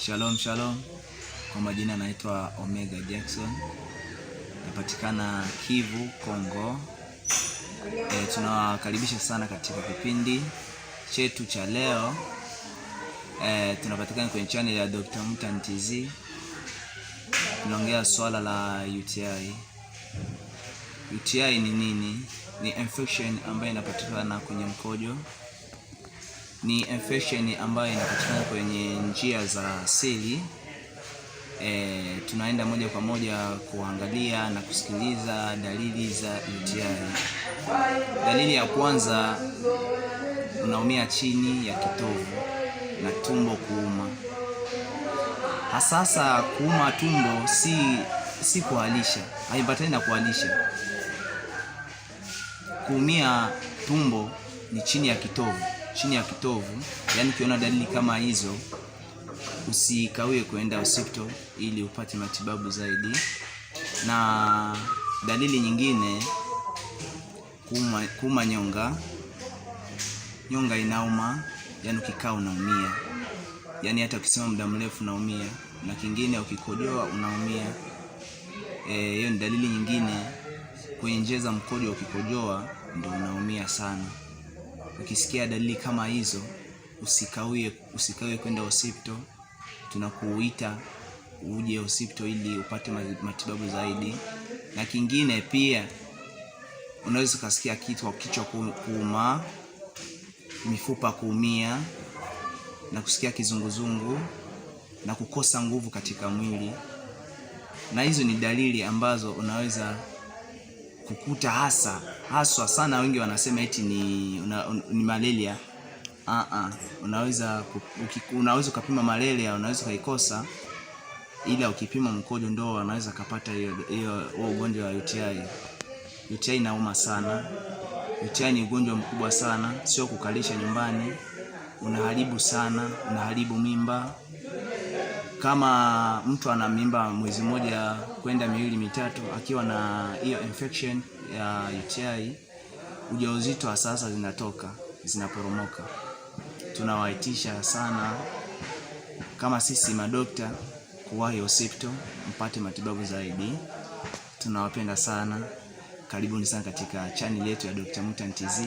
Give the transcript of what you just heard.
Shalom, shalom. Kwa majina naitwa Omega Jackson, napatikana Kivu, Kongo. E, tunawakaribisha sana katika kipindi chetu cha leo. E, tunapatikana kwenye channel ya Dr. Mtan TZ. Tunaongea swala la UTI. UTI ni nini? Ni infection ambayo inapatikana kwenye mkojo ni infection ambayo inapatikana kwenye njia za seli. E, tunaenda moja kwa moja kuangalia na kusikiliza dalili za UTI. Dalili ya kwanza, unaumia chini ya kitovu na tumbo kuuma. Hasasa kuuma tumbo si, si kualisha, haiambatani na kualisha Kuumia tumbo ni chini ya kitovu chini ya kitovu. Yaani ukiona dalili kama hizo, usikawie kuenda hospitali ili upate matibabu zaidi. Na dalili nyingine, kuuma, kuuma nyonga, nyonga inauma, yaani ukikaa unaumia, yaani hata ukisema muda mrefu unaumia, na kingine ukikojoa unaumia. E, hiyo e, ni dalili nyingine. Kwenye njia za mkojo ukikojoa ndio unaumia sana. Ukisikia dalili kama hizo, usikawie usikawie kwenda hospital Tunakuita uje hospital ili upate matibabu zaidi. Na kingine pia, unaweza ukasikia kitu kwa kichwa kuuma, mifupa kuumia na kusikia kizunguzungu na kukosa nguvu katika mwili, na hizo ni dalili ambazo unaweza kukuta hasa haswa sana. Wengi wanasema eti ni, una, un, ni malaria uh -uh. Unaweza unaweza ukapima malaria, unaweza ukaikosa, ila ukipima mkojo ndo wanaweza kapata hiyo huo ugonjwa wa UTI. UTI inauma sana. UTI ni ugonjwa mkubwa sana, sio kukalisha nyumbani, unaharibu sana, unaharibu mimba kama mtu ana mimba mwezi mmoja kwenda miwili mitatu, akiwa na hiyo infection ya UTI, ujauzito wa sasa zinatoka zinaporomoka. Tunawaitisha sana kama sisi madokta kuwahi hospital mpate matibabu zaidi. Tunawapenda sana, karibuni sana katika chaneli yetu ya Dr. Mutant TZ.